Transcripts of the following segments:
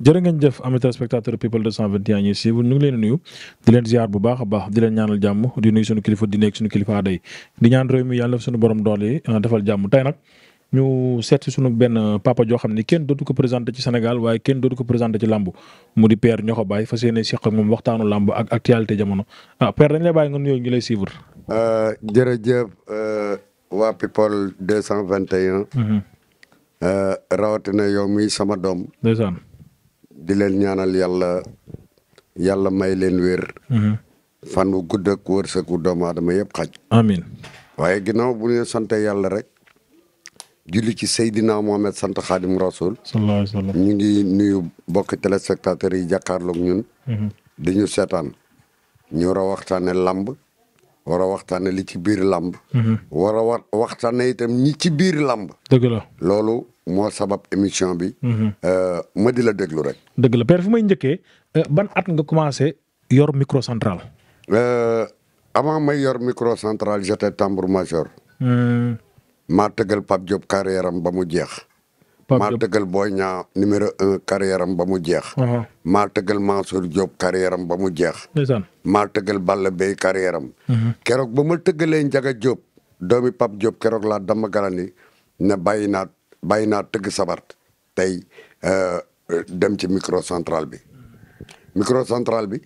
jërë ngeen jëf amit spectateur people 221 ñuy suivre ñu ngi leen nuyu di leen ziar bu baax a baax di leen ñaanal jàmm di nuyu suñu kilifa di nekk kilifa aday di ñaan réew mi yàlla suñu borom doole yi ah, defal jàmm tey nag ñu seet sunu benn papa joo xam ni kenn dootu ko présenté ci Sénégal waaye kenn dootu ko présenté ci làmb mu di Père Ñoxo Baye fas yéene siq ak moom waxtaanu làmb ak actualité jamono ah Père dañ lay bàyyi nga nuyoo ñu lay suivre. Euh, jërëjëf euh, waa people 221. Mhm. Euh, rawatina yow mi sama doom. di leen ñaanal yàlla yàlla may leen wér. Mm-hmm. fan wu gudd ak wërsëgu doomu aadama yëpp xaj. amiin waaye ginnaaw bu ñu sante yàlla rek. julli ci Seydina Mohamed sant xaadim rasul. ñu ngi nuyu bokki téléspectateurs yi jàkkaarloog ñun. Mm-hmm. di ñu seetaan ñu war a waxtaane làmb war a waxtaane li ci biir làmb. Mm-hmm. war a wa waxtaane itam ñi ci biir làmb. dëgg loolu. moo sabab émission bi. Mhm. Euh, ma di la déglu rek. dëgg la père fu may njëkkee euh, ban at nga commencé yor micro central. Euh, avant may yor micro central j'étais tambour major. Hmm. maa tëggal Pape Diop ba mu jeex. maa tëggal Boy Niang numéro ba mu jeex. Uh-huh. ma tëggal Mansour Diop carrière am ba mu jeex. maa tëggal Balla uh-huh. ba ma tëggalee Njaga Diop. doomi Pape Diop keroog laa dama garani ne bàyyi bàyyi naa tëgg sabar tey euh, dem ci micro central bi 30 central bi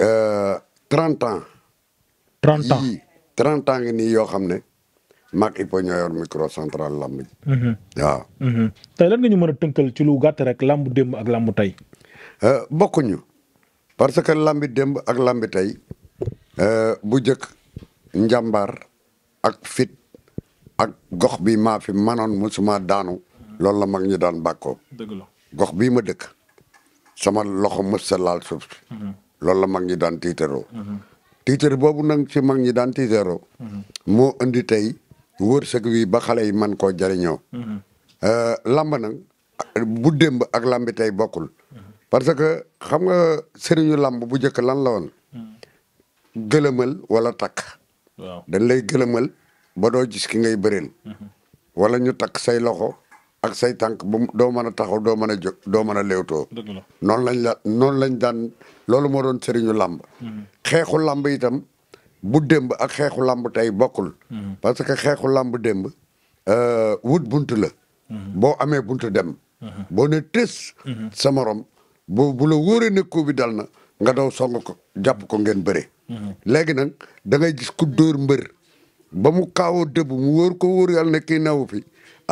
euh, ans yii 30 ans ngi ni yoo xam ne maag Ipo ñoo yor microcentral lamb ji. Mm-hmm. Mm-hmm. tey lan nga ñu mën a tënkal ci lu gàtt rek lamb démb ak lamb tey. Euh, bokkuñu parce que lambi démb ak lambi tey bu jëkk njàmbaar ak fit ak gox bi maa fi manoon musuma daanu loolu la mag ñi daan bàkkoo gox bii ma dëkk sama loxo mës sa laal suuf si mhm. loolu la mag ñi daan tiitaroo mhm. tiitar boobu nag ci mag ñi daan tiitaroo mhm. moo indi tey wërsëg wi ba xale yi man koo jariñoo euh, lamb nag bu démb ak lambi tey bokkul parce que xam nga sëriñu lamb bu njëkk lan la woon gëlëmal wala takk dañ lay gëlëmal ba doo gis ki ngay bëreen mhm. wala ñu takk say loxo ak say tànk bu doo mën a taxaw doo mën a jóg doo mën a léewtoo noonu lañ la noonu lañ daan loolu moo doon sëriñu làmb mhm. xeexu làmb itam bu démb ak xeexu làmb tey bokkul mhm. parce que xeexu làmb démb euh, wut bunt la boo amee bunt dem boo ne tës sa morom bu bu la wóoree ne ko bi dal na nga daw song ko jàpp ko ngeen bëre léegi nag da ngay gis ku dóor mbër ba mu kaaw dëbb mu wóor ko wóor yàlla na kii newu fi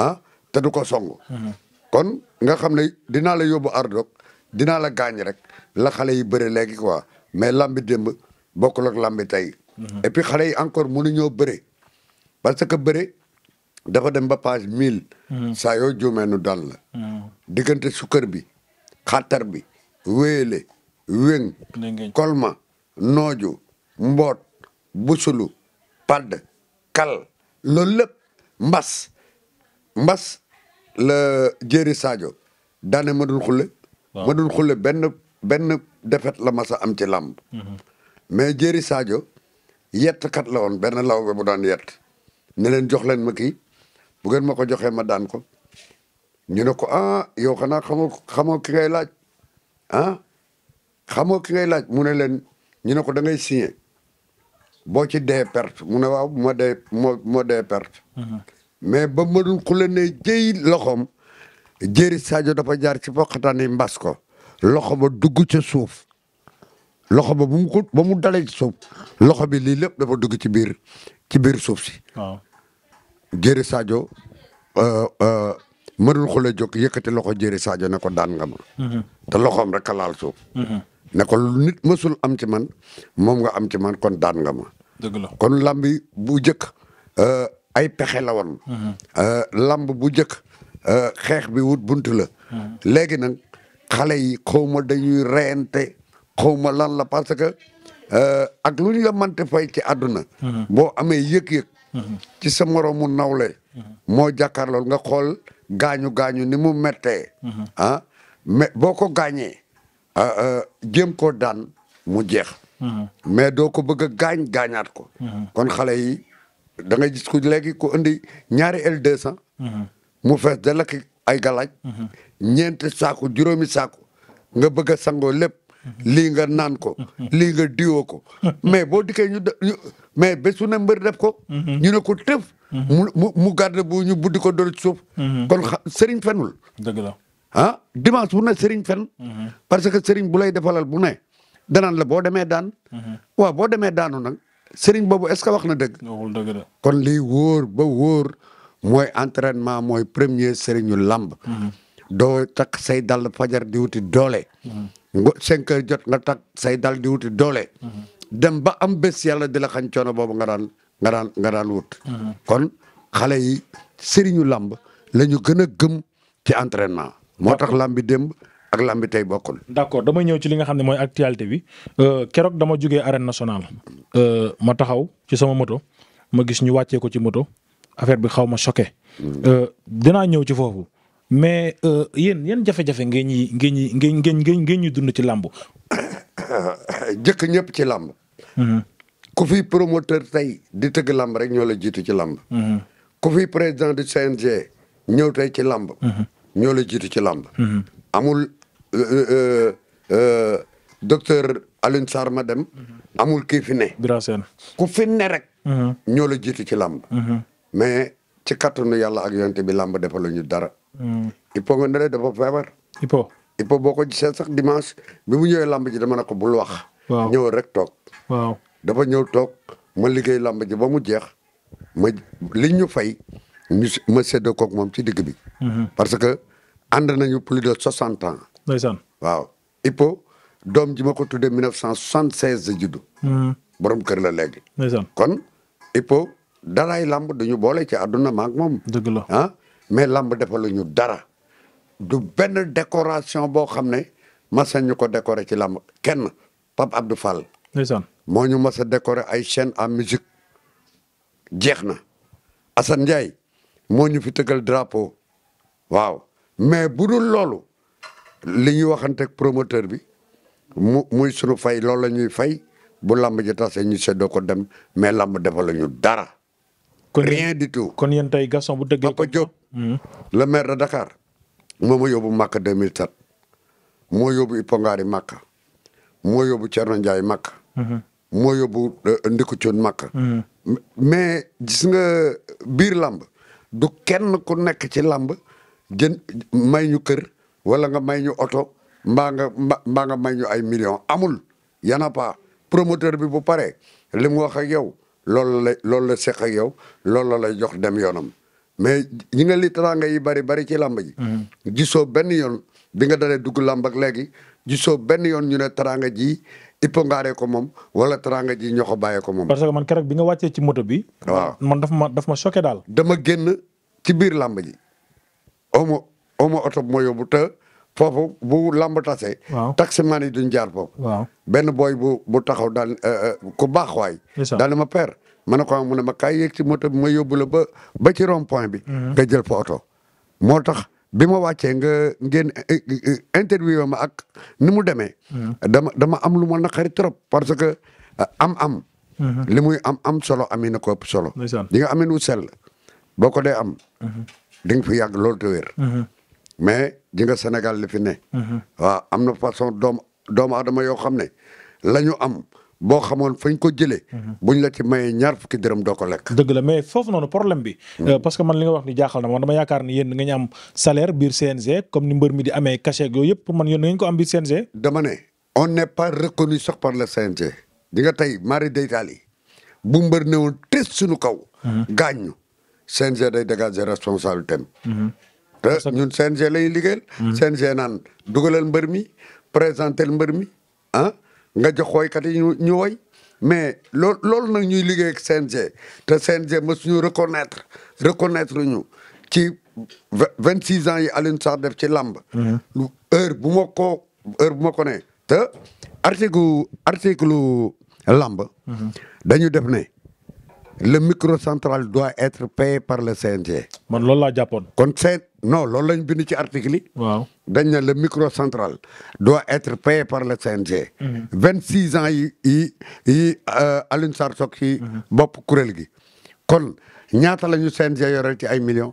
ah te du ko song. Mm-hmm. kon nga xam ne dinaa la yóbbu ardog dinaa la gaañ rek la xale yi bëre léegi quoi mais lambi démb bokkul ak lambi tey. Mm-hmm. et xale yi encore mënuñoo bëre parce que bëre dafa dem ba page mille. Mm-hmm. saa yoo juumee nu daan la. diggante sukkër bi xattar bi wéele wéng kolma nooju mboot busulu padd kal loolu lépp mbas mbas la jéeri saajo daane madul xule madul xulle benn benn defet la masa am ci làmb mhm. mais saajo Sadio yettkat la woon benn law be bu daan yett ne leen jox leen ma kii bu ngeen ma ko joxee ma daan ko ñu ne ko ah yow xanaa xamoo xamoo ki ngay laaj ah xamoo ki ngay laaj mu ne leen ñu ne ko da ngay signé boo ci dee perte mu ne waaw moo dee moo moo dee mhm. mais ba mënul ku la ne jëy loxoom. jëri Sadio dafa jaar ci poqataan yi mbas ko. loxo ba dugg ca suuf. loxo ba bu mu mu dalee ci suuf. loxo bi lii lépp dafa dugg ci biir ci biir suuf si. waaw jëri Sadio mënul ku la jóg yëkkati loxo jëri saajo ne ko daan nga ma. Mhm. te loxoom rek laal suuf. Mhm. ne ko nit mësul am ci man moom nga am ci man kon daan nga ma. dëgg la kon lamb bu njëkk euh, ay pexe la woon. Mm-hmm. Euh, lamb bu njëkk euh, xeex bi wut bunt la. Mm-hmm. léegi nag xale yi xaw ma dañuy reyante xaw ma lan la parce que ak lu ñu la mënte fay ci àdduna. Mm-hmm. boo amee yëg-yëg. ci sa moroomu nawle. moo jàkkaarlool nga xool gaañu gaañu ni mu mettee ah mais boo ko gaañee. Ah, ah, jéem koo daan mu jeex. Mhm. mais doo ko bëgg gaañ gaañaat ko. Mhm. kon xale yi da ngay gis ku léegi ku indi ñaari L200. Mhm. mu fees da lakk ay galaaj. ñeenti saako juróomi saako nga bëgg a sangoo lépp. lii nga naan ko. lii nga diwoo ko. mais boo dikkee ñu mais bésu na mbër def ko. ñu ne ko tëf. mu mu mu gàdde bu ñu buddi ko doon ci suuf. kon sëriñ fenul. ah dimanche bu ne sëriñ fen parce que sëriñ bu lay defalal bu ne danaan la boo demee daan. waaw boo demee daanu nag sëriñ boobu est-ce que wax na dëgg. waxul dëgg la kon lii wóor ba wóor mooy entrainement mooy premier sëriñu làmb. doo takk say dal fajar di wuti doole. ngo cinq jot nga takk sey dal di wuti doole. dem ba am bés yàlla di la xañ coono boobu nga daan nga daan nga wut. kon xale yi sëriñu làmb la ñu gën a gëm ci entrainement moo tax làmbi démb ak làmbi tey bokkul. d'accord dama ñëw ci li nga xam ne mooy actualité bi euh, keroog dama jugee arène nationale euh, ma taxaw ci sama moto ma gis ñu wàccee ko ci moto affaire bi xaw ma choqué. Mm. Euh, dinaa ñëw ci foofu mais yéen yéen jafe-jafe ngeen ñi ngeen ñi ngeen ngeen ngeen dund ci làmb. jëkk ñëpp ci làmb. Mm-hmm. ku fi promoteur tey di tëgg làmb rek ñoo la jiitu ci làmb. Mm-hmm. ku fi président du CNG ñëw tey ci làmb. Mm-hmm. ñoo la jiitu ci làmb mhm. amul euh, euh, euh, docteur Alioune ma dem mhm. amul kii fi ne ku fi ne rek mhm. ñoo la jiitu ci làmb mais ci kattanu yàlla ak yonte bi làmb dafa la ñu dara Hippo nga ne dafa feebar Hippo Hippo boo ko gisee sax dimanche bi mu ñëwee làmb ji dama ne ko bul wax waaw ñëw rek toog waaw dafa ñëw toog ma liggéey làmb ji ba mu jeex ma li ñu fay ñu ma séddoo koog moom ci digg bi. Mhm. parce que ànd nañu plus de soixante ans. ndeysaan waaw Hippo doom ji ma ko tuddee mille neuf cent soixante seize la juddu. Mhm. borom kër la léegi. ndeysaan kon Hippo daraay lamb dañu boole ci àdduna maak moom. dëgg la ah mais lamb defaluñu dara. du benn décoration boo xam ne mas ñu ko décorer ci lamb kenn Pape Abdou Fall. ndeysaan moo ñu mas a décorer ay chaîne en musique jeex na Assane Ndiaye. moo ñu fi tëggal drapeau waaw mais bu dul loolu li ñuy waxanteeg promoteur bi mu muy sunu fay loolu la ñuy fay bu lamb ji tase ñu seddoo ko dem mais lamb defal la ñu dara. rien di tout kon yéen tey Gaston bu dëggee. Papa Diop hmm. le de Dakar moo ma yóbbu Màkka 2007 moo yóbbu Ipongaari Màkka moo yóbbu Thierno Ndiaye Màkka. Hmm. moo yóbbu euh, Ndikucun Màkka. Hmm. mais gis nga biir làmb du kenn ku nekk ci làmb jën may ñu kër wala nga may ñu oto mbaa nga mbaa nga may ñu ay millions amul y'en a promoteur bi bu paree li mu wax ak yow loolu la loolu la seq ak yow loolu la lay jox dem yoonam mais ñi nga li teraanga yi bari bari ci làmb ji mm-hmm. gisoo benn yoon bi nga dalee dugg làmb ak léegi gisoo benn yoon ñu ne teraanga ji ippongaaree ko moom wala teranga ji ñoo ko bàyyee ko moom. parce que man keroog bi nga wàccee ci moto bi. waaw man daf ma daf ma choqué daal. dama génn ci biir làmb ji. omo omo oto bi ma yóbbu te foofu bu làmb tase. waaw yi duñ jaar foofu. waaw benn booy bu bu taxaw daal eh, eh, ku baax waay. daal ma père ma ne ko ah, mu ne ma kaay yéeg ci moto bi ma yóbbu la ba ba ci rond point bi. Mhm. nga jël fa oto moo tax. bi ma wàccee nga ngeen eh, eh, eh, interview ma ak ni mu demee. Hmm. dama dama am lu ma naqari trop parce que am-am. Hmm. li muy am-am solo amee na ko ëpp solo. di nga nu sell boo ko dee am. Hmm. di nga fi yàgg loolu te wér. mais di nga li fi ne. waaw am na façon doomu doomu aadama yoo xam ne la ñu am. boo xamoon fañ ko jëlee. Mhm. buñ la ci mayee ñaar fukki dërëm doo ko lekk. dëgg mais foof noonu problème bi. Hmm. Euh, parce que man li nga wax ni jaaxal na man dama yaakaar ni yéen nga ñu am salaire biir CNG comme ni mbër di amee cachet yooyu yëpp man yéen ngeen ko am biir CNG. dama ne on n'est pas reconnu sax par le CNG. di nga tey mari deytaali bu mbër ne woon test suñu kaw. Mhm. gaañu day dégager responsabilité am. Mhm. ñun CNG lañuy liggéeyal. CNG naan dugalal mbër mi présentel mbër mi ah, nga jox woykat yi ñu ñu woy mais loolu loolu nag ñuy liggéey ak CNG te CNG mësuñu reconnaître reconnaître ñu ci vingt six ans yi Alioune sax def ci làmb mhm. heure bu ma ko heure bu ma ko ne te article article làmb mhm. dañu def ne le microcentral doit être payé par le CNG. man loolu laa jàppoon. kon seen non loolu lañ bind ci article waaw dañ ne le microcentral doit être payé par le CNG. Mhm. vingt six ans yi yi yi euh, Alioune Sarr ci mhm. bopp kuréel gi. kon ñaata la ñu CNG yore ci ay millions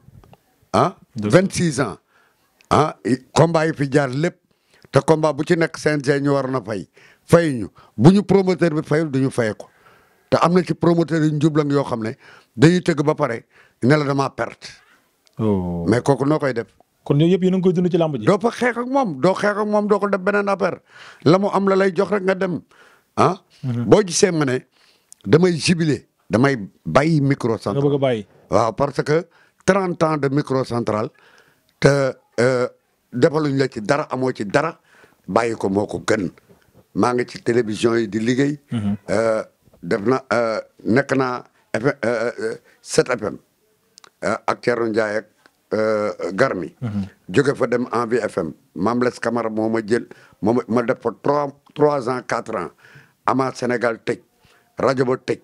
ah. vingt six ans ah combat yi fi jaar lépp te combat bu ci nekk CNG ñu war na fay fayuñu bu ñu promoteur bi fayul du ñu fay ko. te am na ci promoteur yu njublang yoo xam ne dañuy tëgg ba pare ne la damaa perte. Oh. mais kooku noo koy def. kon yooyu yëpp yéen a ngi koy dund ci làmb ji. doo fa xeex ak moom doo xeex ak moom doo ko def beneen affaire la mu am la lay jox rek nga dem ah. Mm-hmm. boo gisee ma ne damay jubilé damay bàyyi micro central. nga bëgg a bàyyi. waaw parce que 30 ans de micro central te euh, defaluñ la ci dara amoo ci dara bàyyi ko moo ko gën maa ngi ci télévision yi di liggéey. Mm-hmm. Euh, def na euh, nekk na FM 7 FM ak Thierno Ndiaye ak euh, Garmi. Mhm. jóge fa dem Envie FM mamles Less moom moo ma jël moo ma def fa trois trois ans quatre ans ama Sénégal tëj rajo ba tëj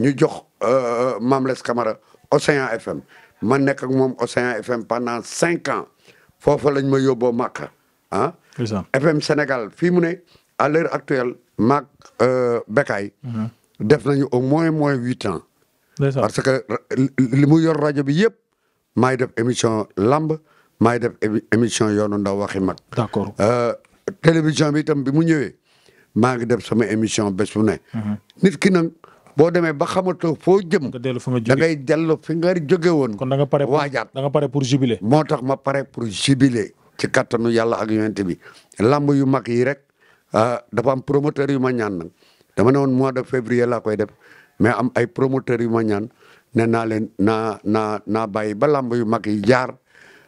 ñu jox euh, Mame Less Camara Océan FM ma nekk ak moom Océan FM pendant cinq ans foofa lañ ma yóbboo Màkka ah. FM Sénégal fii mu ne à l'heure actuelle maag Bekaay. Mhm. def nañu au moins moins huit ans. parce que li mu yor rajo bi yëpp maay def émission lamb maay def émission yoonu ndaw waxi mag. d'accord euh, télévision bi itam bi mu ñëwee maa ngi def sama émission bés bu ne. Mhm. nit ki nag boo demee ba xamatoo foo jëm. da ngay dellu fi nga jóge woon. kon da nga pare pour waajaat pare pour jubiler. moo tax ma pare pour jubiler ci kattanu yàlla ak yonent bi lamb yu mag yi rek euh, dafa am promoteur yu ma ñaan nag. dama ne woon mois de février laa koy def mais am ay promoteurs yu ma ñaan ne naa leen naa naa naa bàyyi ba làmb yu mag yi jaar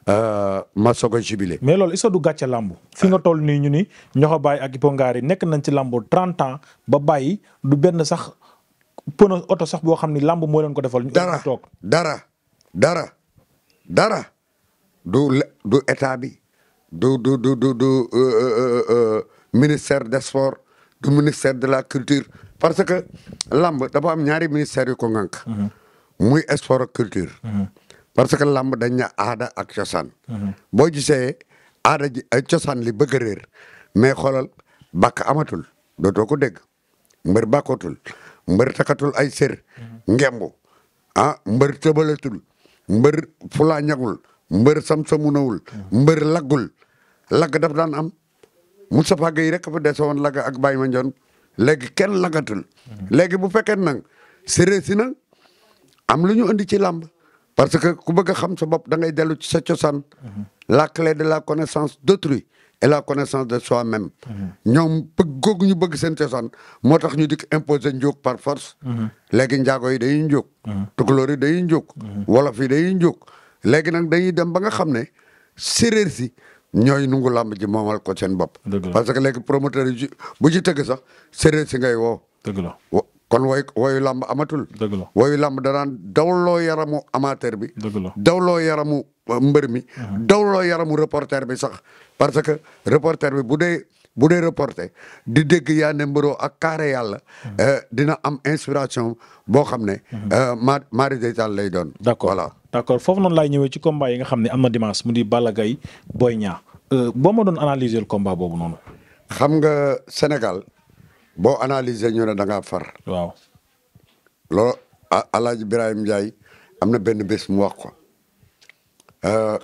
euh, ma soog a jubilé. mais loolu est-ce du gàcce làmb fi nga toll nii ñu ni ñoxo bàyyi ak ipongaar yi nekk nañ ci làmb 30 ba bàyyi du benn sax pono oto sax boo xam ni làmb mooy leen ko defal. ñu toog dara dara dara du du état bi du du du du de euh, euh, ministère du ministère de la culture parce que làmb dafa am ñaari ministères yu ko ŋànk mhm. muy sport ak culture mhm. parce que làmb dañ na aada ak cosaan mhm. boo gisee aada ji ay cosaan li bëgg a mais xoolal bàkk amatul dootoo ko dégg mbër bàkkootul mbër takatul ay sër ngembu ah mbër tëbalatul mbër fulaañagul mbër samsamunawul mbër laggul lagg daf daan am Moustapha Gueye rek fa desewoon laga ak Baye Mandione léegi kenn lagatul. léegi bu fekkee nag séeréer si nag am lu ñu indi ci làmb parce que ku bëgg a xam sa bopp da dellu ci sa cosaan. la clé de la connaissance d'autrui et la connaissance de soi-même. ñoom bëgg ñu bëgg seen cosaan moo tax ñu dikk imposer njóog par force. léegi njaago yi dañuy njóog. tukulóor yi dañuy njóog. wolof yi dañuy njóog. léegi nag dañuy dem ba nga xam ne séeréer si. ñooy nungu làmb ji moomal ko seen bopp. parce que léegi promoteur yi bu ci tëgg sax séeréer si ngay woo. dëgg la kon woy woyu lamb amatul. dëgg la woyu làmb danaan dawloo yaramu amateur bi. dëgg la dawloo yaramu euh, mbër mi. dawloo yaramu reporter bi sax parce que reporter bi bu dee bu dee reporté di dégg Yandé Mboro ak Kaare Yàlla. Euh, dina am inspiration boo xam ne. Euh, ma de Deytal lay doon. d' accord foofu noonu laay ñëwee ci combat yi nga xam ne am na dimanche mu di Balla Gaye Boy Niang euh, boo ma doon analyser le combat boobu noonu. xam nga Sénégal boo analyser ñu ne da far. waaw loolu El Hadj Ibrahima Ndiaye am na benn bés mu wax ko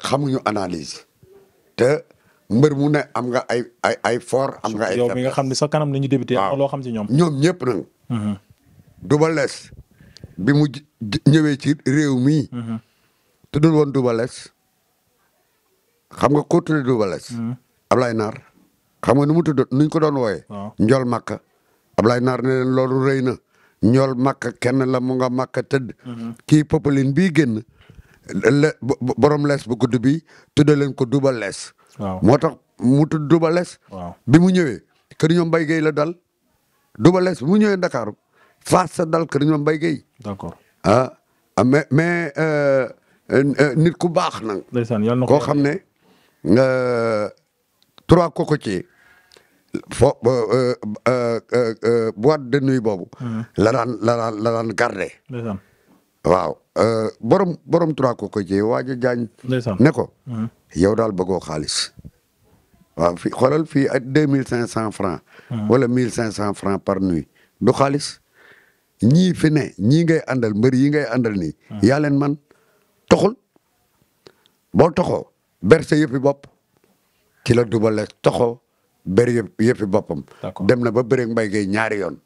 xamuñu analyse te. mbër mu ne am nga ay ay ay fort am nga ay. yow mi nga xam ne sa kanam la ñu débuté. waaw loo xam ci ñoom. ñoom ñëpp nag. Mhm. Double Less bi mu ñëwee ci réew mii. Mhm. tuddul woon Double Less xam nga koo tuddee Double Less. Mhm. Ablaye Naar xam nga nu mu tudd nuñ ko doon wooyee. Njol Makka Ablaye Naar ne leen loolu rëy na Njol Makka kenn la mu nga Makka tëd kii popeline bii génn le borom les bu gudd bi tuddee leen ko Double Less. waaw moo tax mutu tudd Double waaw bi mu ñëwee. kër mbay Mbaye la dal. Double Less mu ñëwee ndakaaru faas sa dal kër mbay Mbaye Guèye. d'accord ah, ah mais mais euh, euh, euh, nit ku baax nag. ndeysaan yàlla na ko koo xam ne. trois cocotiers. fo boîte de nuit boobu. Hmm. la daan la daan la waaw euh, borom borom trois ko ko jëyee waaj a jaañ. ne ko. Mm-hmm. yow daal bëggoo xaalis. waaw fi xoolal fii ak deux mille cinq cent franc. Mm-hmm. wala mille cinq cent franc par nuit du xaalis. ñii fi ne ñii ngay àndal mbër yi ngay àndal nii. Mm-hmm. yaa man toxul. boo toxoo ber sa yëppi bopp ci la Double Less ber yëpp yëppi boppam. dem na ba bëreeg mbay gay ñaari yoon.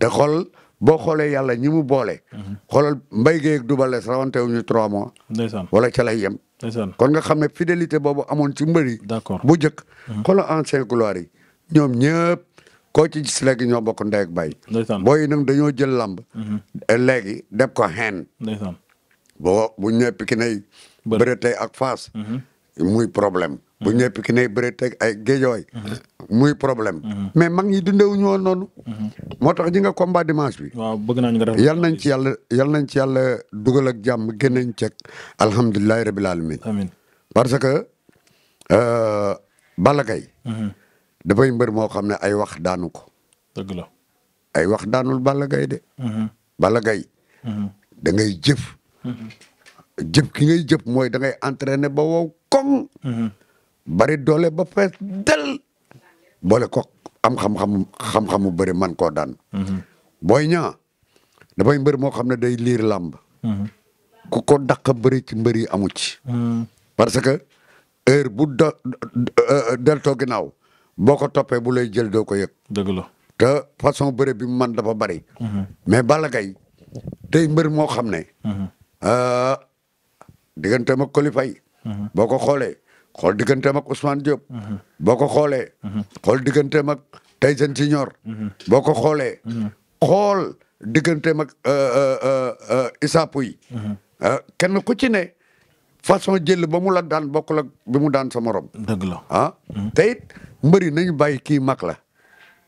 d'accord boo xoolee yàlla ñi mu boole. Mhm. xoolal mbay géey ak Double Less rawante wu ñu trois mois. ndeysaan wala ca kon nga xam ne fidélité boobu amoon ci mbëri. d'accord bu njëkk. Mhm. xoolal ancien gloire yi ñoom ñëpp. koo ci gis ñoo bokk ndey ak baay. ndeysaan booy yi nag dañoo jël lamb. Mhm. Eh, léegi def ko xeen. ndeysaan boo bu ñëpp ki nay. bëre tey ak faas. muy problème. bu ñëpp ki ne bëri teg ay géejooy muy problème mais mag ñi dundewuñu woon noonu moo tax ji nga combat bi waaw bëgg naa ñu nga def yal nañ ci yàlla yal nañ ci yàlla dugal ak jàmm génnañ ceeg alhamdulilahi rabil alamin amiin parce que euh, Balla Gaye mhm. dafay mbër moo xam ne ay wax daanu ko ay wax daanul Balla Gaye de mhm. Balla Gaye mhm. jëf jëf ki ngay jëf mooy da ngay entraîné ba wow koŋ bari doole ba fees del boole ko am xam-xam xam-xamu man koo daan. Mhm. booy ñaa dafay mbër moo xam ne day liir làmb. Mhm. ku ko dàq bëri ci mbër yi amu ci. Mhm. parce que heure bu do euh, deltoo ginnaaw boo ko toppee bu lay jël doo ko yëg. la te façon bëre bi mu man dafa bari. mais Balla Gaye day mbër moo xam ne. Euh, digganteem ak Coly boo ko xoolee. xool digganteem ak Ousmane Diop. boo ko xoolee. xool digganteem ak Tyson Senior. boo ko xoolee. xool digganteem ak euh, euh, euh, Issa Pouye. kenn ku ci ne façon jël ba mu la daan bokkul ak bi mu daan sa morom. dëgg la ah. te mbëri nañu bàyyi kii mag la.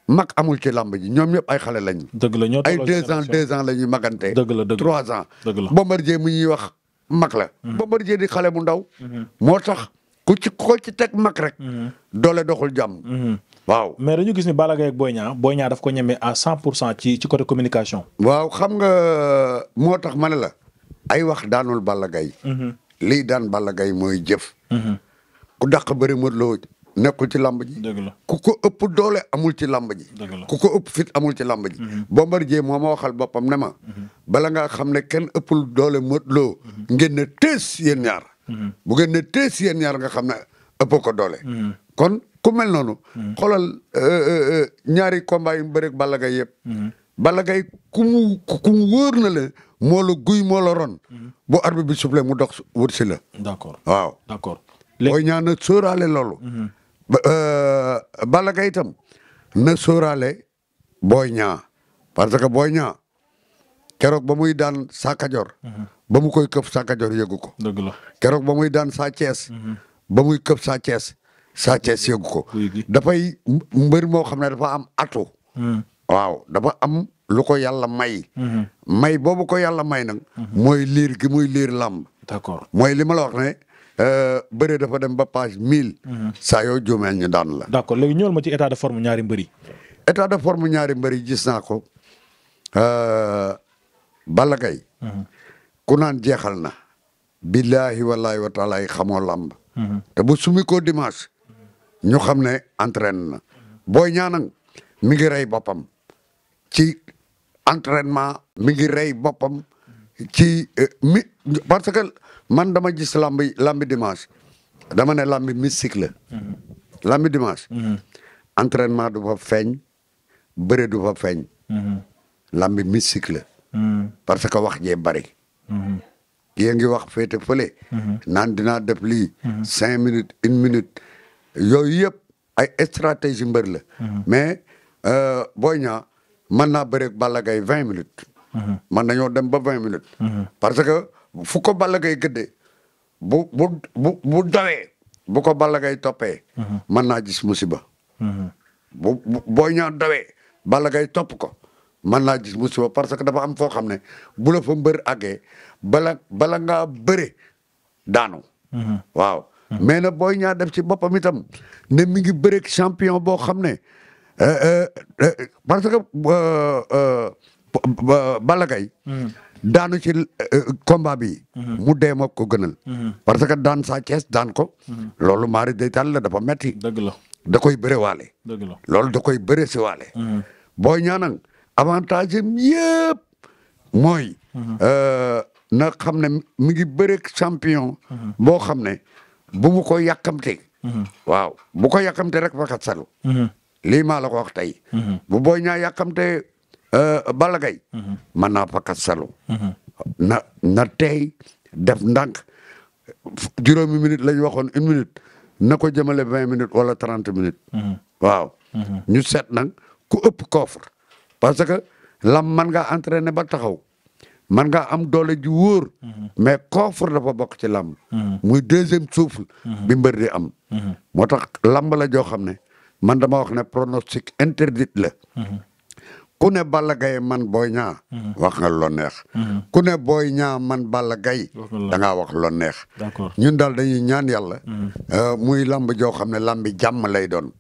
mag amul ci làmb ji ñoom ñëpp ay xale lañu. dëgg la ñoo ay deux ans deux ans la ñuy magante. dëgg la dëgg trois ans. boo la Bombardier mu ñuy wax mag la. Mm-hmm. Bombardier di xale bu ndaw. Mm-hmm. moo tax. ku ci ko ci teg mag rek. Mhm. doole doxul jàmm. Mhm. waaw mais dañu gis ni Balla Gaye booy ñaa Niang Boy Niang daf ko ñemee à 100 pour cent ci ci côté communication. waaw xam nga moo tax ma ne la. ay wax daanul bala gay mhm. lii daan bala gay mooy jëf. ku dàq bëri Modou Lo nekkul ci làmb ji. dëgg la ku ko ëpp doole amul ci làmb ji. dëgg la ku ko ëpp fit amul ci làmb ji. Bombardier moo ma waxal boppam ne ma. bala ngaa xam ne kenn ëppul doole Modou Lo. ngeen ne tës yéen ñaar. bu ngeen ne tee si yéen ñaar nga xam ne ëpp ko doole. kon ku noonu. xoolal euh, euh, euh, ñaari combat yu mu bëreeg Balla Gaye yëpp. Balla Gaye ku mu ku mu wóor na la moo guy moo ron. bu arbitre bi soufflé mu dox wut si la. d'accord waaw d'accord. léegi booy ñaan na sóoraale loolu. Balla Gaye itam na sóoraale booy ñaa parce que booy ñaa keroog ba muy daan Sakajor. ba mu koy këf Sa Kajoor yëgu ko. dëgg keroog ba muy daan Sa Thiès. Mhm. ba muy këf Sa Thiès. Sa Thiès yëgu ko. dafay mbër moo xam ne dafa am atu. Mhm. waaw dafa am lu ko yàlla may. Mhm. may boobu ko yàlla may nag. mooy liir ki muy liir làmb. d'accord mooy li ma la wax ne. Euh, bëre dafa dem ba page mille. saa yoo juumee ñu daan la. d'accord léegi ñëwal ma ci état de forme ñaari mbëri. état de forme ñaari mbëri gis naa ko. Euh, Balla ku naan jeexal na. billaahi wallaahi wa taala yi xamoo làmb. te bu sumi ko dimanche. xam ne entraîne na. booy ñaanang mi ngi rey boppam. ci entraînement. mi ngi rey boppam. ci euh, mi parce que man dama gis lambi lambi dimanche. dama ne lambi mystique la. lambi dimanche. entraînement du fa feeñ. bëre du fa feeñ. lambi mystique la. parce que wax jee bari. yée ngi wax féete fële. naan dinaa def lii. cinq minutes une minute yooyu yëpp ay stratégie mbër la. mais euh, booy Niang mën naa bëreeg Balla Gaye vingt minutes. man nañoo dem ba vingt minutes. parce que fu ko Balla Gaye gëddee bu bu dawee bu ko Balla Gaye toppee. mën naa gis musiba. Mm-hmm. bu bu Boy dawee Balla Gaye topp ko. man laa gis musiba parce que dafa am foo xam ne bu la fa mbër age bala bala ngaa bëre daanu. Mhm. waaw mhm. mais booy ñaa def ci boppam itam ne mi ngi bëreeg champion boo xam ne euh, euh, euh, parce que Balla Gaye mhm. daanu ci combat bi. mu dee moo ko gënal. parce que daan saa Thiès daan ko. loolu maari deytaal la dafa metti dëgg la da koy bëre waale. dëgg loolu da koy bëre si waale. booy ñaa nag avant am yëpp mooy. Euh, na xam ne mi ngi champion. boo xam ne bu mu ko yàkkamte. waaw bu ko yàkkamte rek fa kat salu. lii la ko wax tey. bu booy ñaa yàkkamte euh, Balla Gaye. mën naa fa kat salu. na na tey def ndànk juróomi minute la ñu waxoon une minute na ko jëmale vingt minutes wala trente minutes. waaw ñu seet nag ku ëpp coffre. parce que lam man ngaa entraîné ba taxaw man ngaa am doole ji wóor. mais coffre dafa bokk ci lamb. muy deuxième suuf bi di am. moo tax lamb la joo xam ne man dama wax ne pronostic interdit la. ku ne Balla gay man booy ñaa wax nga loo neex. ku ne Boy Niang man bal Gaye da ngaa wax loo neex. ñun daal dañuy ñaan yàlla. Mm. Euh, muy lamb joo xam ne lambi jàmm lay doon.